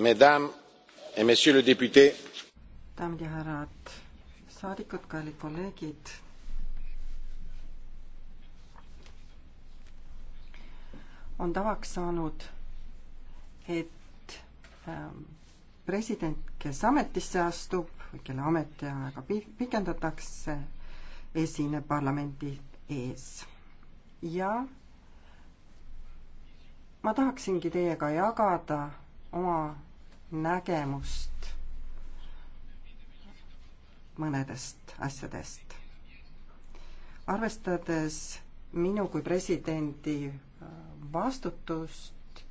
mesdames et messieurs les députés daamid ja härrad saadikud kallid kolleegid on tavaks saanud et ähm, president kes ametisse astub või kelle ametiaega pikendatakse esineb parlamendi ees ja ma tahaksingi teiega jagada oma nägemust mõnedest asjadest. arvestades minu kui presidendi äh, vastutust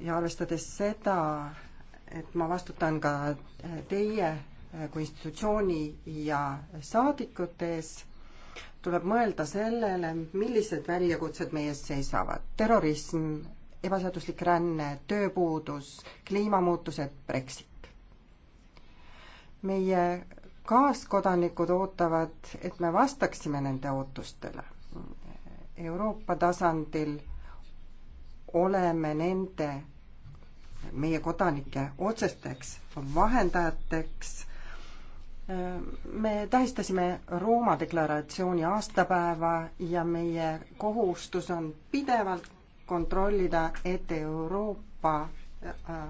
ja arvestades seda, et ma vastutan ka teie äh, kui institutsiooni ja saadikute ees, tuleb mõelda sellele, millised väljakutsed meie ees seisavad. terrorism, ebaseaduslik ränne, tööpuudus, kliimamuutused, Brexit. meie kaaskodanikud ootavad, et me vastaksime nende ootustele. Euroopa tasandil oleme nende, meie kodanike otsesteks vahendajateks. me tähistasime Rooma deklaratsiooni aastapäeva ja meie kohustus on pidevalt kontrollida, et Euroopa äh,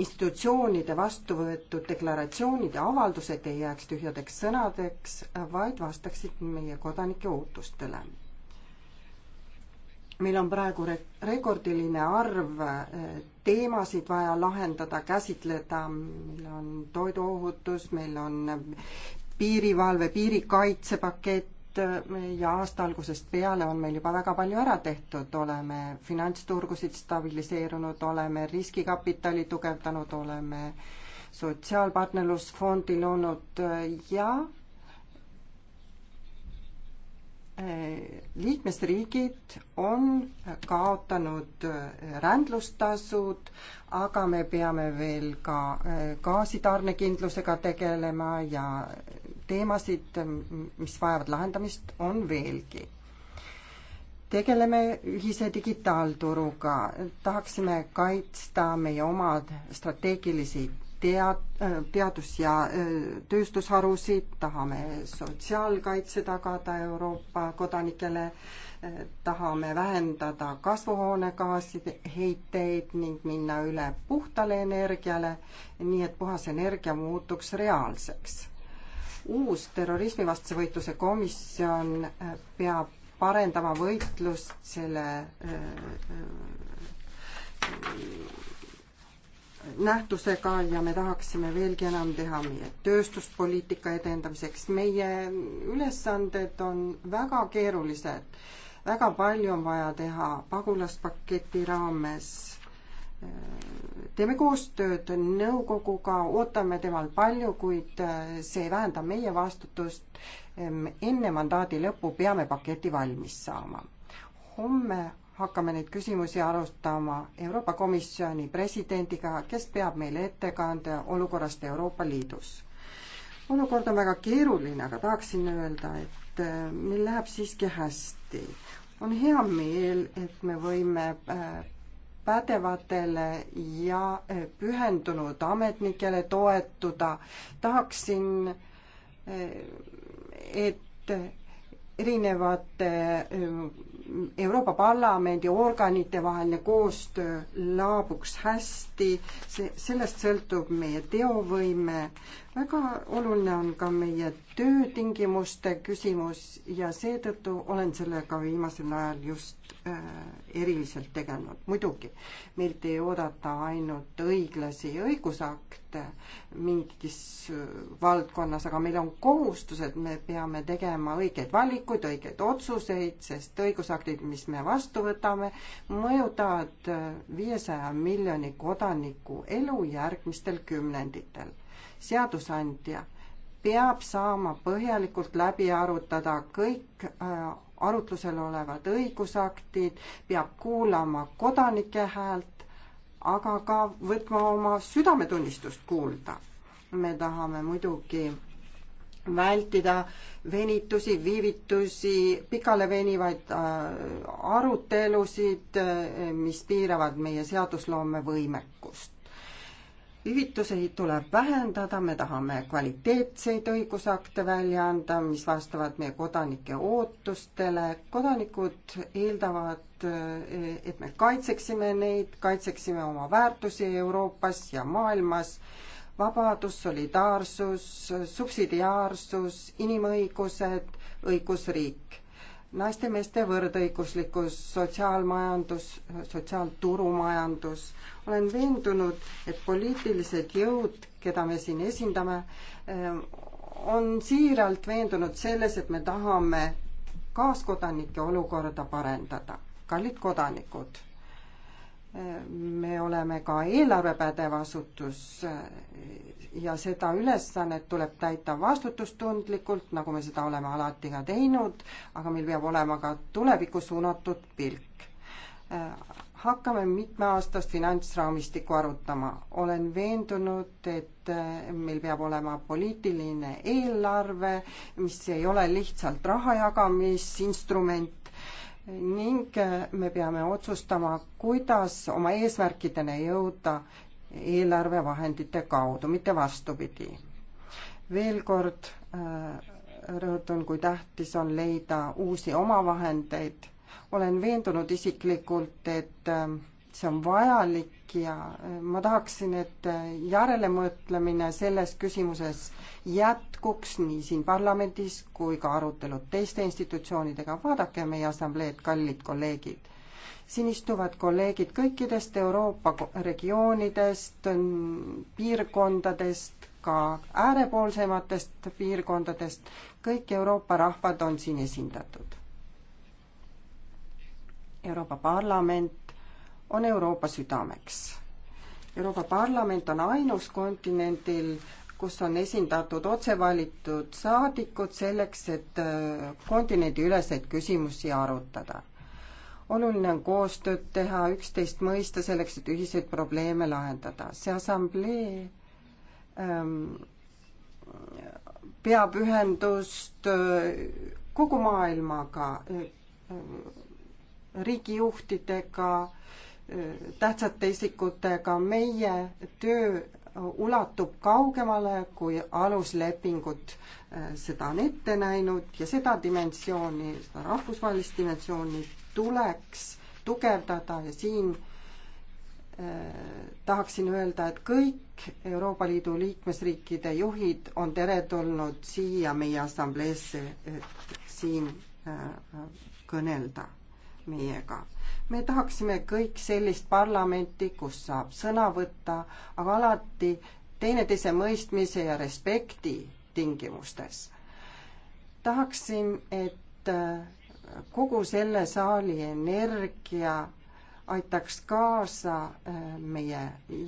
institutsioonide vastu võetud deklaratsioonid ja avaldused ei jääks tühjadeks sõnadeks, vaid vastaksid meie kodanike ootustele. meil on praegu re-, rekordiline arv äh, teemasid vaja lahendada, käsitleda, meil on toiduohutus, meil on piirivalve, piirikaitsepakett, Äh, ja aasta algusest peale on meil juba väga palju ära tehtud, oleme finantsturgusid stabiliseerunud, oleme riskikapitali tugevdanud, oleme sotsiaalpartnerlusfondi loonud äh, ja liikmesriigid on kaotanud rändlustasud, aga me peame veel ka äh, gaasitarnekindlusega tegelema ja teemasid, mis vajavad lahendamist, on veelgi. tegeleme ühise digitaalturuga, tahaksime kaitsta meie oma strateegilisi tea-, teadus- ja tööstusharusid, tahame sotsiaalkaitse tagada Euroopa kodanikele, tahame vähendada kasvuhoonegaaside heiteid ning minna üle puhtale energiale, nii et puhas energia muutuks reaalseks. uus terrorismivastase võitluse komisjon peab parendama võitlust selle nähtusega ja me tahaksime veelgi enam teha meie tööstuspoliitika edendamiseks. meie ülesanded on väga keerulised. väga palju on vaja teha pagulaspaketi raames teeme koostööd nõukoguga, ootame temal palju, kuid see ei vähenda meie vastutust. enne mandaadi lõppu peame paketi valmis saama. homme hakkame neid küsimusi arutama Euroopa Komisjoni presidendiga, kes peab meile ettekande olukorrast Euroopa Liidus. olukord on väga keeruline, aga tahaksin öelda, et äh, meil läheb siiski hästi. on hea meel, et me võime äh, pädevatele ja äh, pühendunud ametnikele toetuda. tahaksin, et erinevate Euroopa Parlamendi organite vaheline koostöö laabuks hästi, see, sellest sõltub meie teovõime. väga oluline on ka meie töötingimuste küsimus ja seetõttu olen sellega viimasel ajal just äh, eriliselt tegelenud. muidugi meilt ei oodata ainult õiglasi õigusakte, eksperte mingis äh, valdkonnas, aga meil on kohustus, et me peame tegema õigeid valikuid, õigeid otsuseid, sest õigusaktid, mis me vastu võtame, mõjutavad äh, viiesaja miljoni kodaniku elu järgmistel kümnenditel. seadusandja peab saama põhjalikult läbi arutada kõik äh, arutlusel olevad õigusaktid, peab kuulama kodanike häält, aga ka võtma oma südametunnistust kuulda. me tahame muidugi vältida venitusi, viivitusi, pikalevenivaid äh, arutelusid, äh, mis piiravad meie seadusloome võimekust hüvituseid tuleb vähendada, me tahame kvaliteetseid õigusakte välja anda, mis vastavad meie kodanike ootustele. kodanikud eeldavad, et me kaitseksime neid, kaitseksime oma väärtusi Euroopas ja maailmas. vabadus, solidaarsus, subsidiaarsus, inimõigused, õigusriik naiste-meeste võrdõiguslikkus, sotsiaalmajandus, sotsiaalturumajandus. olen veendunud, et poliitilised jõud, keda me siin esindame, ehm, on siiralt veendunud selles, et me tahame kaaskodanike olukorda parendada. kallid kodanikud me oleme ka eelarvepädev asutus ja seda ülesannet tuleb täita vastutustundlikult, nagu me seda oleme alati ka teinud, aga meil peab olema ka tulevikku suunatud pilk. hakkame mitmeaastast finantsraamistikku arutama. olen veendunud, et meil peab olema poliitiline eelarve, mis ei ole lihtsalt raha jagamisinstrument, ning äh, me peame otsustama, kuidas oma eesmärkideni jõuda eelarvevahendite kaudu, mitte vastupidi. veel kord äh, rõhutan, kui tähtis on leida uusi omavahendeid. olen veendunud isiklikult, et äh, see on vajalik ja äh, ma tahaksin, et äh, järelemõtlemine selles küsimuses jätkuks nii siin parlamendis kui ka arutelud teiste institutsioonidega. vaadake meie assambleed, kallid kolleegid. siin istuvad kolleegid kõikidest Euroopa regioonidest, piirkondadest, ka äärepoolsematest piirkondadest, kõik Euroopa rahvad on siin esindatud. Euroopa Parlament on Euroopa südameks. Euroopa Parlament on ainus kontinendil, kus on esindatud otsevalitud saadikud selleks, et äh, kontinendiüleseid küsimusi arutada. oluline on koostööd teha, üksteist mõista selleks, et ühiseid probleeme lahendada. see assamblee ähm, peab ühendust äh, kogu maailmaga, äh, riigijuhtidega äh,, tähtsate isikutega, meie töö ulatub kaugemale, kui aluslepingud äh, seda on ette näinud ja seda dimensiooni, seda rahvusvahelist dimensiooni tuleks tugevdada ja siin äh, tahaksin öelda, et kõik Euroopa Liidu liikmesriikide juhid on teretulnud siia meie assambleesse, et siin äh, kõnelda meiega. me tahaksime kõik sellist parlamenti, kus saab sõna võtta, aga alati teineteise mõistmise ja respekti tingimustes. tahaksin, et äh, kogu selle saali energia aitaks kaasa äh, meie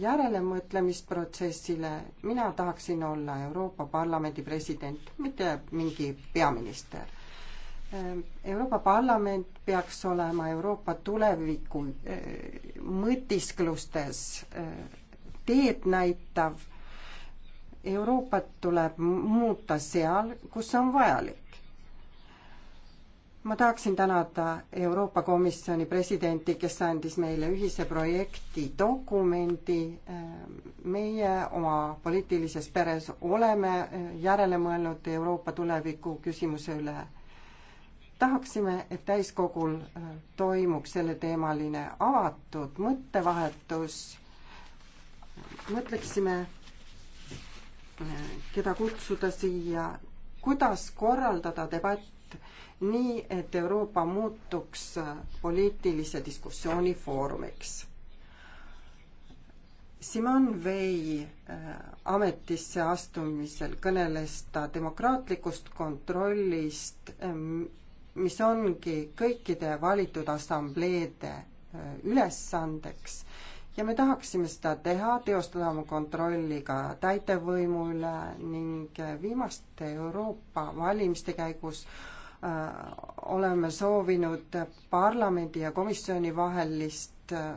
järelemõtlemisprotsessile. mina tahaksin olla Euroopa Parlamendi president, mitte mingi peaminister Euroopa Parlament peaks olema Euroopa tuleviku eh, mõtisklustes eh, teed näitav. Euroopat tuleb muuta seal, kus see on vajalik ma tahaksin tänada Euroopa Komisjoni presidenti, kes andis meile ühise projekti dokumendi. Eh, meie oma poliitilises peres oleme järele mõelnud Euroopa tuleviku küsimuse üle tahaksime, et täiskogul äh, toimuks selleteemaline avatud mõttevahetus, mõtleksime, äh, keda kutsuda siia, kuidas korraldada debatt nii, et Euroopa muutuks äh, poliitilise diskussiooni foorumiks. Simon Vei ametisse astumisel kõneles ta demokraatlikust kontrollist, mis ongi kõikide valitud assambleede äh, ülesandeks ja me tahaksime seda teha, teostada oma kontrolli ka täitevvõimu üle ning äh, viimaste Euroopa valimiste käigus öö, äh, oleme soovinud parlamendi ja komisjoni vahelist öö,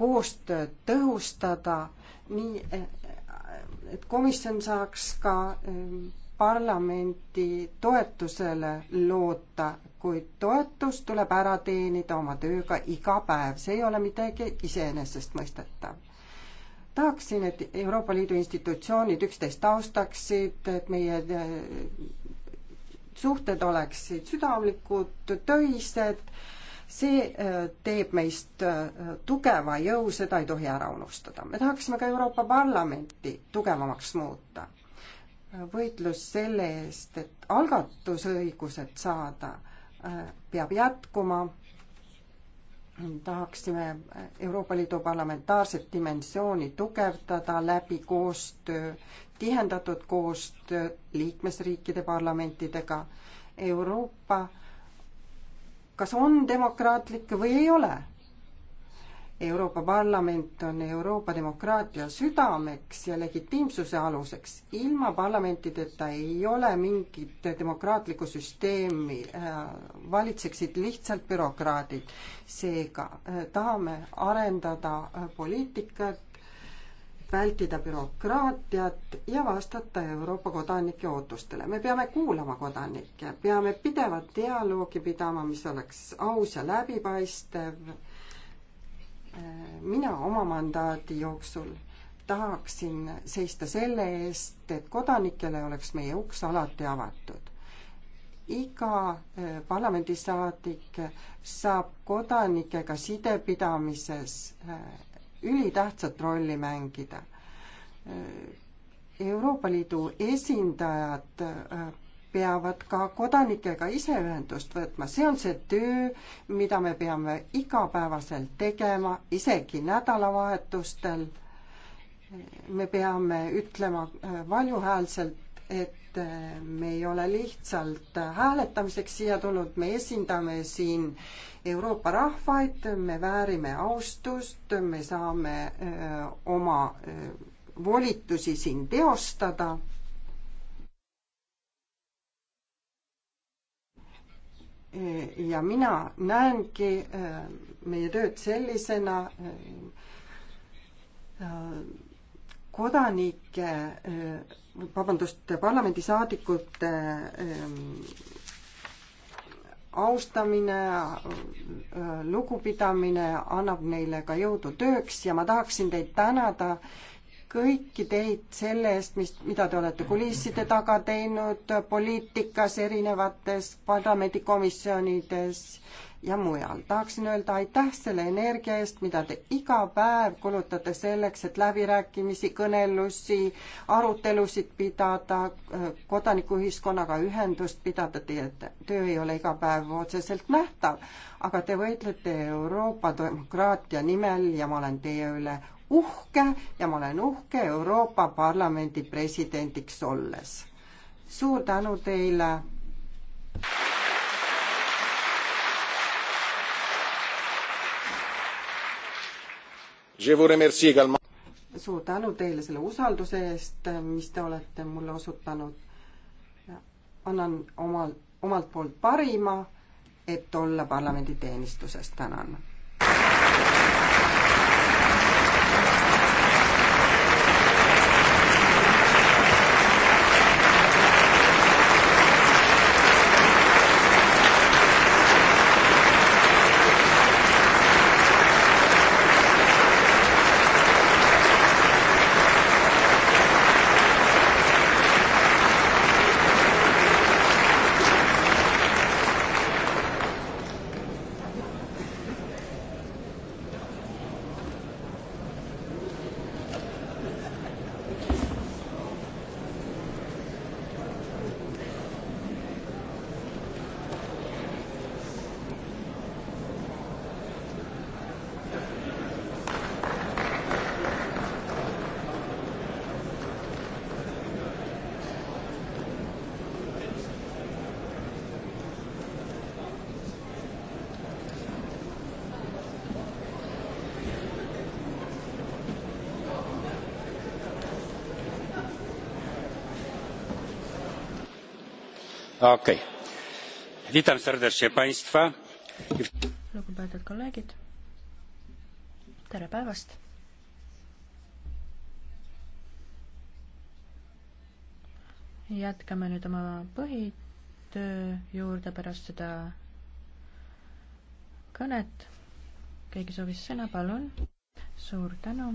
koostööd tõhustada, nii et komisjon saaks ka öö, parlamendi toetusele loota, kuid toetus tuleb ära teenida oma tööga iga päev, see ei ole midagi iseenesestmõistetav. tahaksin, et Euroopa Liidu institutsioonid üksteist austaksid, et meie eh, suhted oleksid südamlikud, töised, see eh, teeb meist eh, tugeva jõu, seda ei tohi ära unustada. me tahaksime ka Euroopa Parlamenti tugevamaks muuta võitlus selle eest, et algatusõigused saada, äh, peab jätkuma. tahaksime Euroopa Liidu parlamentaarset dimensiooni tugevdada läbi koostöö, tihendatud koostöö liikmesriikide parlamentidega. Euroopa kas on demokraatlik või ei ole Euroopa Parlament on Euroopa demokraatia südameks ja legitiimsuse aluseks. ilma parlamentideta ei ole mingit demokraatlikku süsteemi, äh, valitseksid lihtsalt bürokraadid. seega äh, tahame arendada äh, poliitikat, vältida bürokraatiat ja vastata Euroopa kodanike ootustele. me peame kuulama kodanikke, peame pidevat dialoogi pidama, mis oleks aus ja läbipaistev mina oma mandaadi jooksul tahaksin seista selle eest, et kodanikele oleks meie uks alati avatud. iga eh, parlamendisaadik saab kodanikega sidepidamises eh, ülitähtsat rolli mängida. Eh, Euroopa Liidu esindajad peavad ka kodanikega ise ühendust võtma, see on see töö, mida me peame igapäevaselt tegema, isegi nädalavahetustel. me peame ütlema valjuhäälselt, et me ei ole lihtsalt hääletamiseks siia tulnud, me esindame siin Euroopa rahvaid, me väärime austust, me saame öö, oma öö, volitusi siin teostada ja mina näengi äh, meie tööd sellisena äh, äh, kodanike, vabandust, parlamendisaadikute austamine, lugupidamine annab neile ka jõudu tööks ja ma tahaksin teid tänada kõiki teid selle eest, mis, mida te olete kulisside taga teinud poliitikas, erinevates parlamendikomisjonides ja mujal. tahaksin öelda aitäh selle energia eest, mida te iga päev kulutate selleks, et läbirääkimisi, kõnelusi, arutelusid pidada, kodanikuühiskonnaga ühendust pidada, teie töö ei ole iga päev otseselt nähtav, aga te võitlete Euroopa demokraatia nimel ja ma olen teie üle uhke ja ma olen uhke Euroopa Parlamendi presidendiks olles. suur tänu teile. suur tänu teile selle usalduse eest, mis te olete mulle osutanud. annan omal, omalt poolt parima, et olla parlamendi teenistuses. tänan okei okay.. witam serdecznie państwa. lugupeetud kolleegid, tere päevast. jätkame nüüd oma põhitöö juurde pärast seda kõnet. keegi soovis sõna, palun. suur tänu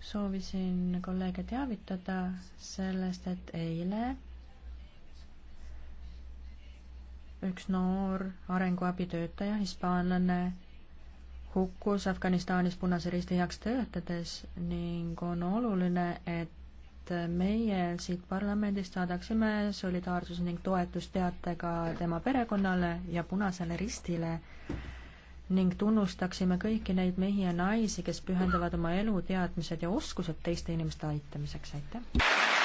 soovisin kolleege teavitada sellest, et eile üks noor arenguabitöötaja, hispaanlane, hukkus Afganistanis Punase Risti heaks töötades ning on oluline, et meie siit parlamendist saadaksime solidaarsuse ning toetusteatega tema perekonnale ja Punasele Ristile ning tunnustaksime kõiki neid mehi ja naisi, kes pühendavad oma elu, teadmised ja oskused teiste inimeste aitamiseks, aitäh!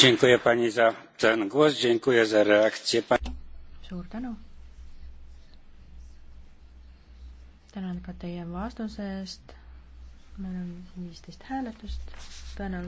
suur tänu. tänan ka teie vastuse eest. meil on viisteist hääletust. tänan.